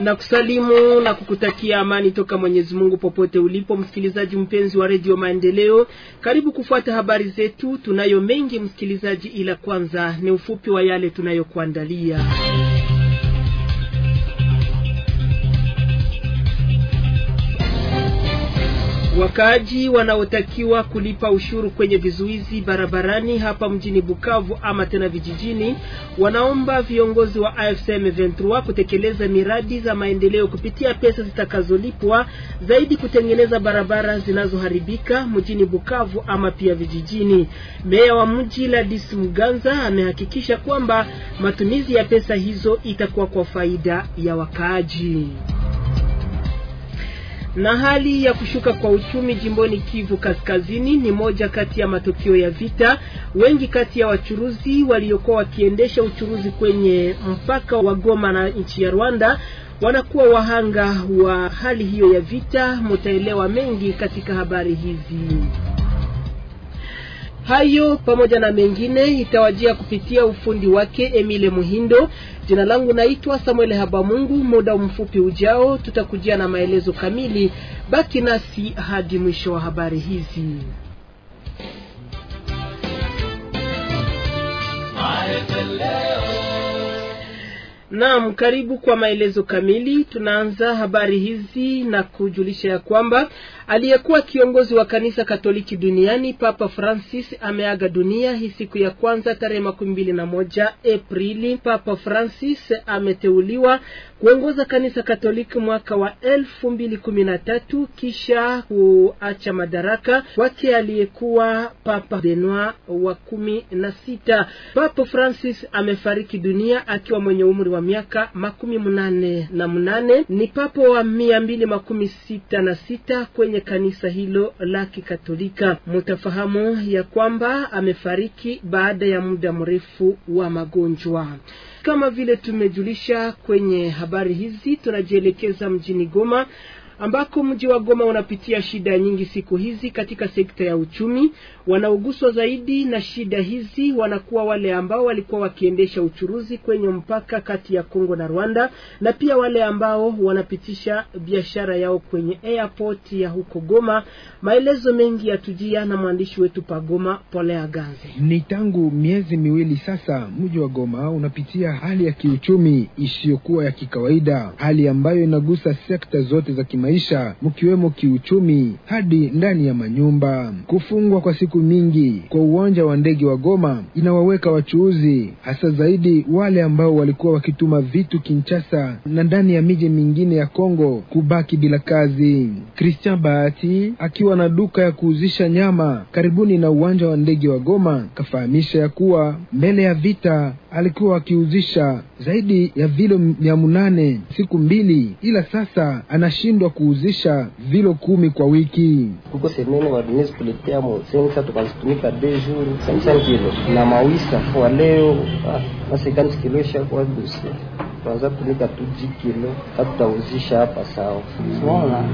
na kusalimu na kukutakia amani toka Mwenyezi Mungu popote ulipo, msikilizaji mpenzi wa redio Maendeleo, karibu kufuata habari zetu. Tunayo mengi msikilizaji, ila kwanza ni ufupi wa yale tunayokuandalia. Wakaaji wanaotakiwa kulipa ushuru kwenye vizuizi barabarani hapa mjini Bukavu ama tena vijijini wanaomba viongozi wa AFC M23 kutekeleza miradi za maendeleo kupitia pesa zitakazolipwa zaidi kutengeneza barabara zinazoharibika mjini Bukavu ama pia vijijini. Meya wa mji Ladis Muganza amehakikisha kwamba matumizi ya pesa hizo itakuwa kwa faida ya wakaaji. Na hali ya kushuka kwa uchumi jimboni Kivu Kaskazini ni moja kati ya matokeo ya vita. Wengi kati ya wachuruzi waliokuwa wakiendesha uchuruzi kwenye mpaka wa Goma na nchi ya Rwanda wanakuwa wahanga wa hali hiyo ya vita. Mutaelewa mengi katika habari hizi. Hayo pamoja na mengine itawajia kupitia ufundi wake Emile Muhindo. Jina langu naitwa Samuel Habamungu. Muda mfupi ujao tutakujia na maelezo kamili. Baki nasi hadi mwisho wa habari hizi. Naam, karibu kwa maelezo kamili. Tunaanza habari hizi na kujulisha ya kwamba aliyekuwa kiongozi wa kanisa Katoliki duniani Papa Francis ameaga dunia hii siku ya kwanza tarehe makumi mbili na moja Aprili. Papa Francis ameteuliwa kuongoza kanisa Katoliki mwaka wa elfu mbili kumi na tatu kisha kuacha madaraka kwake aliyekuwa Papa Benoit wa kumi na sita. Papa Francis amefariki dunia akiwa mwenye umri wa miaka makumi munane na munane. Ni papa wa mia mbili makumi sita na sita kwenye kanisa hilo la Kikatolika. Mutafahamu ya kwamba amefariki baada ya muda mrefu wa magonjwa. Kama vile tumejulisha kwenye habari hizi, tunajielekeza mjini Goma ambako mji wa Goma unapitia shida nyingi siku hizi katika sekta ya uchumi. Wanaoguswa zaidi na shida hizi wanakuwa wale ambao walikuwa wakiendesha uchuruzi kwenye mpaka kati ya Kongo na Rwanda, na pia wale ambao wanapitisha biashara yao kwenye airport ya huko Goma. Maelezo mengi yatujia na mwandishi wetu pa Goma, Pole Aganze. Ni tangu miezi miwili sasa mji wa Goma unapitia hali ya kiuchumi isiyokuwa ya kikawaida, hali ambayo inagusa sekta zote za kima maisha mkiwemo kiuchumi hadi ndani ya manyumba. Kufungwa kwa siku mingi kwa uwanja wa ndege wa Goma inawaweka wachuuzi, hasa zaidi wale ambao walikuwa wakituma vitu Kinshasa na ndani ya miji mingine ya Kongo kubaki bila kazi. Christian Bahati akiwa na duka ya kuuzisha nyama karibuni na uwanja wa ndege wa Goma kafahamisha ya kuwa mbele ya vita alikuwa akiuzisha zaidi ya vilo mia munane siku mbili, ila sasa anashindwa kuuzisha vilo kumi kwa wiki. Kuko semene wadunezi kuletea sensa tukazitumika de jour sensa kilo na mawisa kwa leo ah na 50 kilo ishakuwa dosie tuanza kutumika tu jikilo hatutauzisha hapa sawa. Unaona,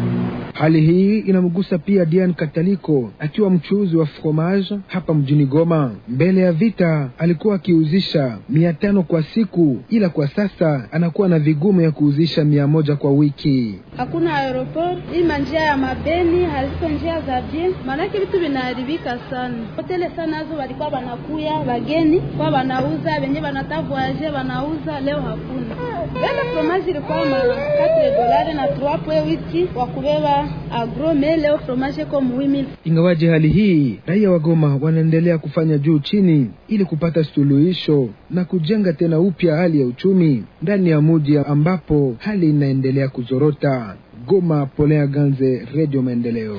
hali hii inamgusa pia Dian Kataliko akiwa mchuuzi wa fromage hapa mjini Goma. Mbele ya vita alikuwa akiuzisha mia tano kwa siku, ila kwa sasa anakuwa na vigumu ya kuuzisha mia moja kwa wiki. Hakuna aeroport hii manjia ya mabeni hazipo njia za bien, maanake vitu vinaharibika sana. Hoteli sana nazo walikuwa wanakuya wageni kwa wanauza wenyewe wana hata wanauza leo hakuna. Bele fromage ilikuwa ma 4 dolari na 3 po wiki wa kubeba agro me leo fromage ko muhimu. Ingawaje hali hii, raia wa Goma wanaendelea kufanya juu chini ili kupata suluhisho na kujenga tena upya hali ya uchumi ndani ya muji ambapo hali inaendelea kuzorota. Goma, Polea Ganze, Radio Maendeleo.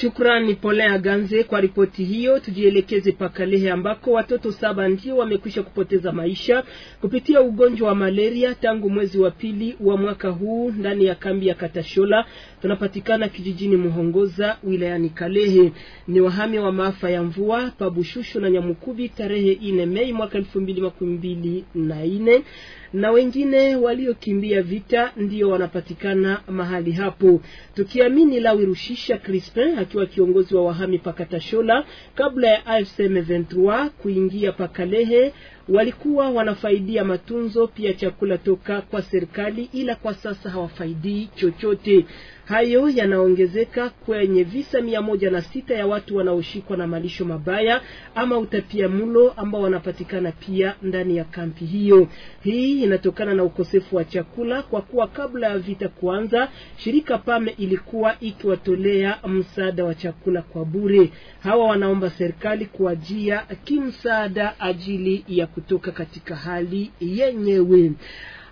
Shukrani Polin Ganze kwa ripoti hiyo. Tujielekeze Pakalehe ambako watoto saba ndio wamekwisha kupoteza maisha kupitia ugonjwa wa malaria tangu mwezi wa pili wa mwaka huu ndani ya kambi ya Katashola tunapatikana kijijini Muhongoza wilayani Kalehe. Ni wahami wa maafa ya mvua Pabushushu na Nyamukubi tarehe ine Mei mwaka elfu mbili makumi mbili na ine na wengine waliokimbia vita ndio wanapatikana mahali hapo, tukiamini Lawi Rushisha Crispin akiwa kiongozi wa wahami Pakatashola kabla ya AFC M23 kuingia Pakalehe walikuwa wanafaidia matunzo pia chakula toka kwa serikali, ila kwa sasa hawafaidii chochote. Hayo yanaongezeka kwenye visa mia moja na sita ya watu wanaoshikwa na malisho mabaya ama utapia mlo ambao wanapatikana pia ndani ya kampi hiyo. Hii inatokana na ukosefu wa chakula, kwa kuwa kabla ya vita kuanza, shirika PAME ilikuwa ikiwatolea msaada wa chakula kwa bure. Hawa wanaomba serikali kuajia kimsaada ajili ya kutoka katika hali yenyewe.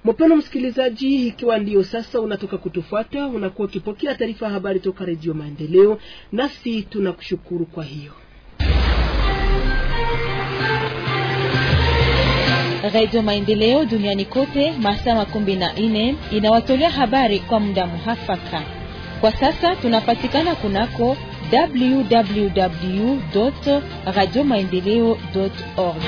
Mpendwa msikilizaji, ikiwa ndiyo sasa unatoka kutufuata, unakuwa ukipokea taarifa habari toka Redio Maendeleo, nasi tunakushukuru kwa hiyo. Radio Maendeleo duniani kote masaa makumi na nne inawatolea habari kwa muda muhafaka. Kwa sasa tunapatikana kunako www radio maendeleo org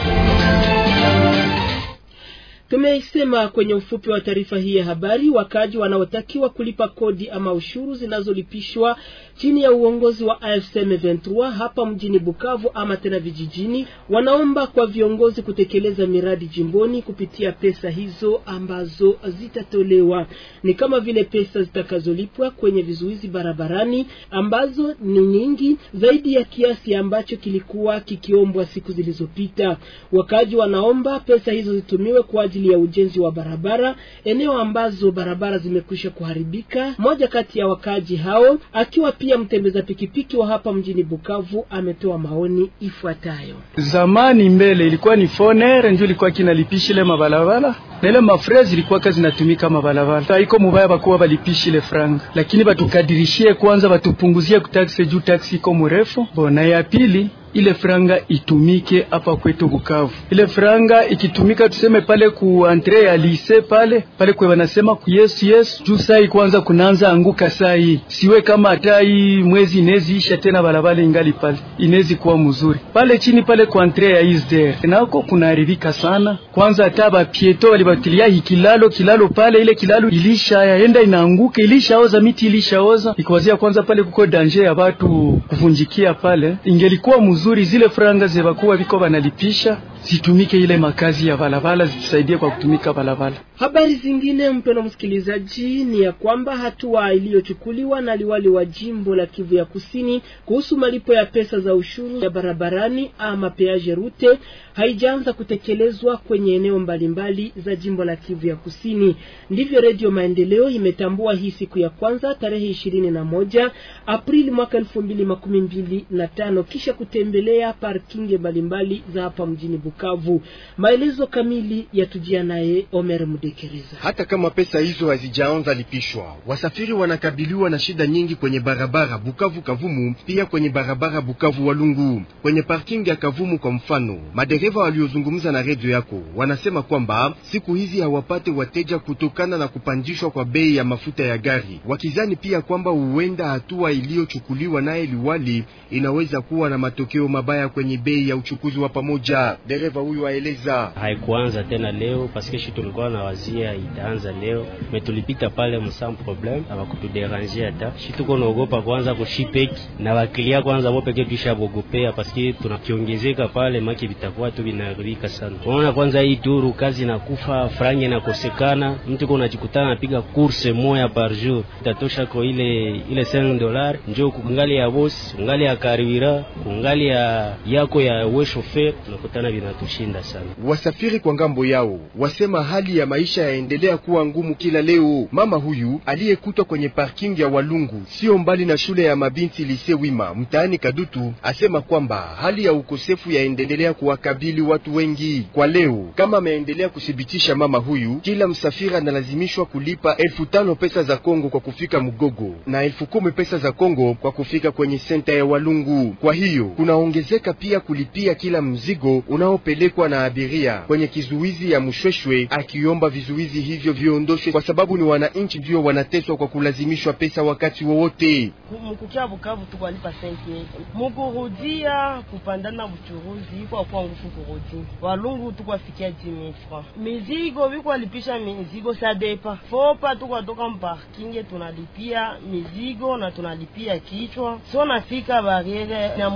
Tumeisema kwenye ufupi wa taarifa hii ya habari, wakaji wanaotakiwa kulipa kodi ama ushuru zinazolipishwa chini ya uongozi wa AFC M23 hapa mjini Bukavu ama tena vijijini, wanaomba kwa viongozi kutekeleza miradi jimboni kupitia pesa hizo ambazo zitatolewa, ni kama vile pesa zitakazolipwa kwenye vizuizi barabarani ambazo ni nyingi zaidi ya kiasi ambacho kilikuwa kikiombwa siku zilizopita. Wakaaji wanaomba pesa hizo zitumiwe kwa ajili ya ujenzi wa barabara eneo ambazo barabara zimekwisha kuharibika. Mmoja kati ya wakaaji hao akiwa pia mtembeza pikipiki wa hapa mjini Bukavu ametoa maoni ifuatayo. Zamani mbele ilikuwa ni fonere ndio ilikuwa kinalipishi ile mabalabala na ile mafrezi ilikuwa kazi natumika mabalabala. Haiko mubaya bakuwa balipishi ile frank, lakini batukadirishie kwanza, batupunguzie taksi juu taksi iko mrefu bona. Ya pili ile franga itumike hapa kwetu Bukavu. Ile franga ikitumika tuseme pale ku entre ya lise pale pale kwe wanasema ku yes yes juu sai kwanza kunaanza anguka sai siwe kama atai mwezi inezi isha tena balabala ingali pale inezi kuwa mzuri pale chini pale ku entre ya isder nako kunaharibika sana. Kwanza hata ba pieto walibatilia hikilalo kilalo pale ile kilalo ilisha yaenda inaanguka ilishaoza miti ilishaoza ikiwazia kwanza pale kuko danger ya watu kuvunjikia pale ingelikuwa mzuri vizuri zile franga zebakuwa viko banalipisha zitumike ile makazi ya Valavala zitusaidie kwa kutumika Valavala. Habari zingine mpeno msikilizaji ni ya kwamba hatua iliyochukuliwa na liwali wa jimbo la Kivu ya Kusini kuhusu malipo ya pesa za ushuru ya barabarani ama peage route haijaanza kutekelezwa kwenye eneo mbalimbali za jimbo la Kivu ya Kusini. Ndivyo Redio Maendeleo imetambua hii siku ya kwanza tarehe ishirini na moja Aprili mwaka elfu mbili makumi mbili na tano kisha kutembelea parkinge mbalimbali za hapa mjini Bukoba. Bukavu. Maelezo kamili yatujia naye Omer Mudekereza. Hata kama pesa hizo hazijaanza lipishwa, wasafiri wanakabiliwa na shida nyingi kwenye barabara Bukavu Kavumu, pia kwenye barabara Bukavu Walungu, kwenye parking ya Kavumu. Kwa mfano, madereva waliozungumza na redio yako wanasema kwamba siku hizi hawapate wateja kutokana na kupandishwa kwa bei ya mafuta ya gari, wakizani pia kwamba huenda hatua iliyochukuliwa naye liwali inaweza kuwa na matokeo mabaya kwenye bei ya uchukuzi wa pamoja. Dere dereva huyu aeleza. Haikuanza tena leo paske shi tulikuwa na wazia itaanza leo metulipita pale msam problem abakutuderanjia ta shi tuko naogopa kwanza kushipeki na wakilia kwanza bo peke bogopea paske tunakiongezeka pale maki vitakuwa tu vinaharibika sana. Unaona kwanza hii turu kazi na kufa frange na kosekana mtu kuna jikutana napiga kurse moya par jour tatosha ko ile ile 5 dolar njo kungali ya boss kungali ya karibira kungali ya yako ya we chauffeur tunakutana vina inatushinda sana. Wasafiri kwa ngambo yao wasema hali ya maisha yaendelea kuwa ngumu kila leo. Mama huyu aliyekutwa kwenye parking ya Walungu sio mbali na shule ya mabinti Lise Wima mtaani Kadutu asema kwamba hali ya ukosefu yaendelea kuwakabili watu wengi kwa leo. Kama ameendelea kuthibitisha mama huyu, kila msafiri analazimishwa kulipa elfu tano pesa za Kongo kwa kufika Mugogo na elfu kumi pesa za Kongo kwa kufika kwenye senta ya Walungu. Kwa hiyo kunaongezeka pia kulipia kila mzigo unao kupelekwa na abiria kwenye kizuizi ya mushweshwe akiomba vizuizi hivyo viondoshwe kwa sababu ni wananchi ndio wanateswa kwa kulazimishwa pesa wakati wowote. Mkukia Bukavu tukwalipa senti mukurudia kupandana buchuruzi kwa kwa ngufu kurudi walungu tukwafikia jimi mizigo vikwalipisha mizigo sadepa fopa tukwatoka mparkinge tunalipia mizigo na tunalipia kichwa nafika bariere na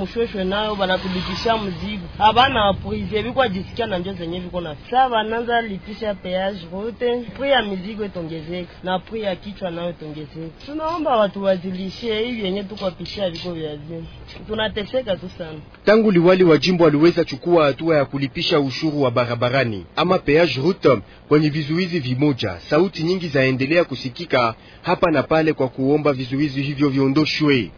nayo mzigo habana aprize venye viko ajisikia na njo zenye viko na sa vananza lipisha peage rote pri ya mizigo itongezeka na pri ya kichwa nayo itongezeka. Tunaomba watu wazilishie hii yenye tuko pishia viko vya vinu, tunateseka tu sana. Tangu liwali wa jimbo aliweza chukua hatua ya kulipisha ushuru wa barabarani ama peage route kwenye vizuizi vimoja, sauti nyingi zaendelea kusikika hapa na pale kwa kuomba vizuizi hivyo viondoshwe.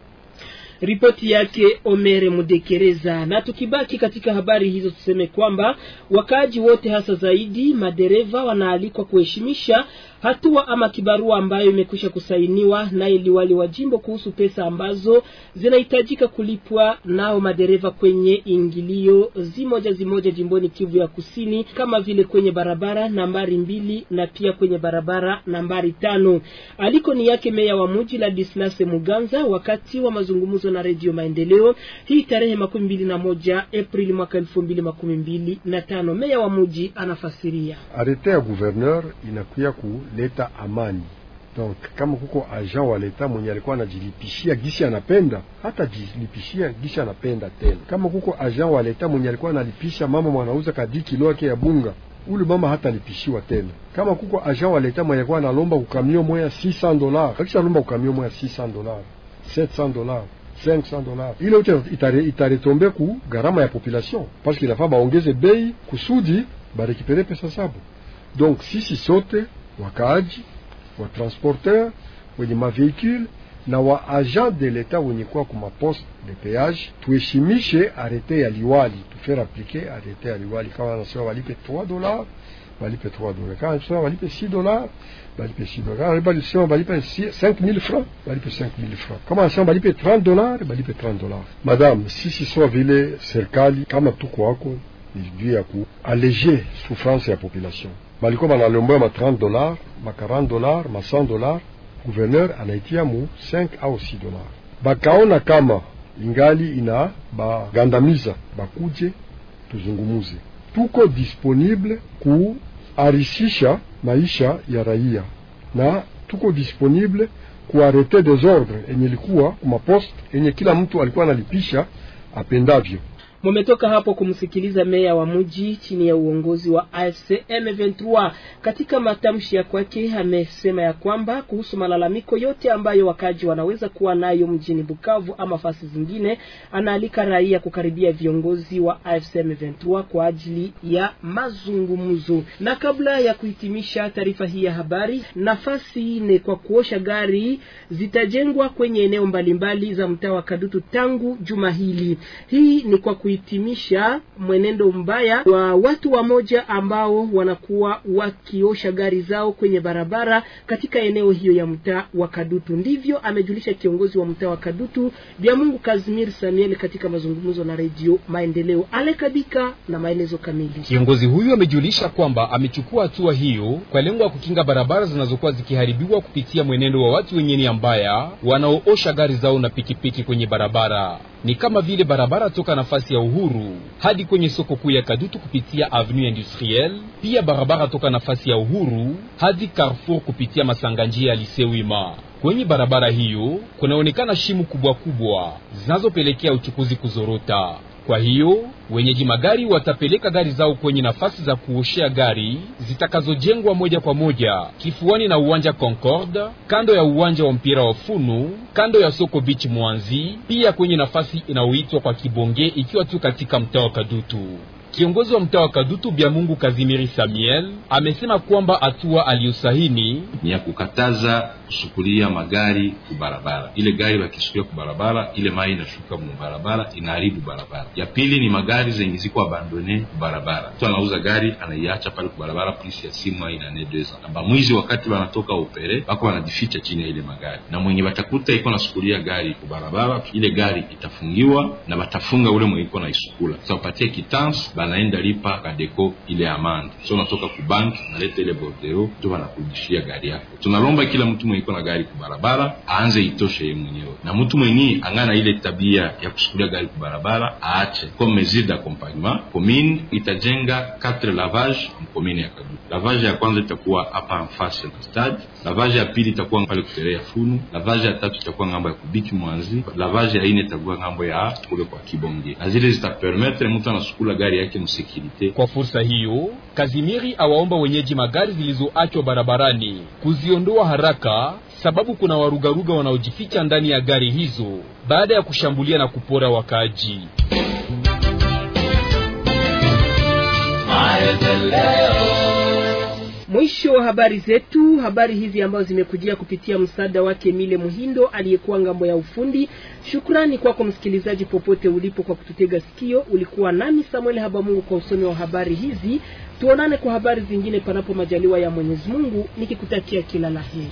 Ripoti yake Omere Mudekereza. Na tukibaki katika habari hizo, tuseme kwamba wakaaji wote hasa zaidi madereva wanaalikwa kuheshimisha hatua ama kibarua ambayo imekwisha kusainiwa na iliwali wa jimbo kuhusu pesa ambazo zinahitajika kulipwa nao madereva kwenye ingilio zimoja zimoja jimboni Kivu ya Kusini, kama vile kwenye barabara nambari mbili na pia kwenye barabara nambari tano. Aliko ni yake meya wa muji Ladislas Muganza wakati wa mazungumzo na Redio Maendeleo hii tarehe makumi mbili na moja Aprili mwaka elfu mbili makumi mbili na tano. Meya wa muji anafasiria arete ya inakuya ku leta amani. Donc kama kuko agent wa leta mwenye alikuwa anajilipishia gisi anapenda, hata jilipishia gisi anapenda tena. Kama kuko agent wa leta mwenye alikuwa analipisha mama mwanauza kadi kilo yake ya bunga, ule mama lipishiwa tena. Kama kuko agent wa leta mwenye alikuwa analomba kukamio moya 600 dollars, akisha lomba kukamio moya 600 dollars, 700 dollars 500 dollars ile yote itaretombe ku gharama ya population, parce qu'il afa baongeze bei kusudi barekipere pesa zabo. Donc sisi sote wa wakaaji, wa transporteur wenye maveikule na wa agent de l'etat wenye kuwa ku poste de peage, tuheshimishe arete ya liwali, tufere aplike arete ya liwali. Kama anasema walipe 3 dollars balipe 3 dola, kama anasema balipe 6 dola balipe 6 dola, kama anasema balipe 5000 francs balipe 5000 francs, kama anasema balipe 30 dola balipe 30 dola. Madam, sisi sawa vile serikali, kama tuko wako ni juu ya kualeje souffrance ya population balikuwa banalomboya ma 30 dollars ma 40 dollars ma 100 dolar gouverneur anaitia mu 5 au 6 dollars. Bakaona kama ingali ina bagandamiza, bakuje tuzungumuze, tuko disponible kuharisisha maisha ya raia na tuko disponible kuarete desordre enye likuwa kumaposte enye kila mtu alikuwa analipisha apendavyo. Mumetoka hapo kumsikiliza meya wa mji chini ya uongozi wa AFC M23. Katika matamshi ya kwake amesema ya kwamba kuhusu malalamiko yote ambayo wakaji wanaweza kuwa nayo mjini Bukavu ama fasi zingine, anaalika raia kukaribia viongozi wa AFC M23 kwa ajili ya mazungumzo. Na kabla ya kuhitimisha taarifa hii ya habari, nafasi nne kwa kuosha gari zitajengwa kwenye eneo mbalimbali za mtaa wa Kadutu tangu juma hili. Hii ni kwa kui kuhitimisha mwenendo mbaya wa watu wamoja ambao wanakuwa wakiosha gari zao kwenye barabara katika eneo hiyo ya mtaa wa Kadutu. Ndivyo amejulisha kiongozi wa mtaa wa Kadutu mungu Kazimir Samuel katika mazungumzo na Redio Maendeleo. Ale Kabika na maelezo kamili. Kiongozi huyu amejulisha kwamba amechukua hatua hiyo kwa lengo la kukinga barabara zinazokuwa zikiharibiwa kupitia mwenendo wa watu wenye nia mbaya wanaoosha gari zao na pikipiki kwenye barabara ni kama vile barabara toka nafasi ya Uhuru hadi kwenye soko kuu ya Kadutu kupitia Avenue Industrielle, pia barabara toka nafasi ya Uhuru hadi Carrefour kupitia Masanga njia ya Lisewima. Kwenye barabara hiyo kunaonekana shimu kubwa kubwa zinazopelekea uchukuzi kuzorota. Kwa hiyo wenyeji magari watapeleka gari zao kwenye nafasi za kuoshea gari zitakazojengwa moja kwa moja kifuani na uwanja Concorde, kando ya uwanja wa mpira wa Funu, kando ya soko Beach Mwanzi, pia kwenye nafasi inayoitwa kwa Kibonge, ikiwa tu katika mtaa wa Kadutu. Kiongozi wa mtaa wa Kadutu Biamungu Kazimiri Samuel amesema kwamba hatua aliyosahini ni ya kukataza kusukulia magari kubarabara. Ile gari wakisukulia kubarabara, ile mai inashuka mubarabara, inaharibu barabara. Ya pili ni magari zenye ziko abandone kubarabara, mtu anauza gari anaiacha pale kubarabara, polisi ya simu inanedeza na bamwizi, wakati wanatoka opere wako wanajificha chini ya ile magari, na mwenye watakuta iko nasukulia gari kubarabara, ile gari itafungiwa na watafunga ule mwenye iko naisukula, tutapatia kitanse banaenda lipa kadeko ile amande. So unatoka kubank naleta ile bordero, ndio wanakurudishia gari yako. Tunalomba kila mtu mwenye aliko na gari kubarabara aanze itoshe yeye mwenyewe, na mtu angaa angana ile tabia ya kusukulia gari kubarabara aache. Kwa mesure d'accompagnement, commune itajenga quatre lavage mkomine ya Kadutu. Lavage ya kwanza itakuwa hapa face na stade, lavage ya pili itakuwa pale ya funu, lavage ya tatu itakuwa ngambo ya kubiki mwanzi, lavage ya ine itakuwa ngambo ya kule kwa Kibonge, na zile zitapermetre mtu anasukula gari yake msekirite. Kwa fursa hiyo, Kazimiri awaomba wenyeji magari zilizoachwa barabarani kuziondoa haraka sababu kuna warugaruga wanaojificha ndani ya gari hizo baada ya kushambulia na kupora wakaaji. Mwisho wa habari zetu. Habari hizi ambazo zimekujia kupitia msaada wake Mile Muhindo aliyekuwa ngambo ya ufundi. Shukrani kwako msikilizaji, popote ulipo, kwa kututega sikio. Ulikuwa nami Samuel Habamungu kwa usomi wa habari hizi. Tuonane kwa habari zingine, panapo majaliwa ya Mwenyezi Mungu, nikikutakia kila la heri.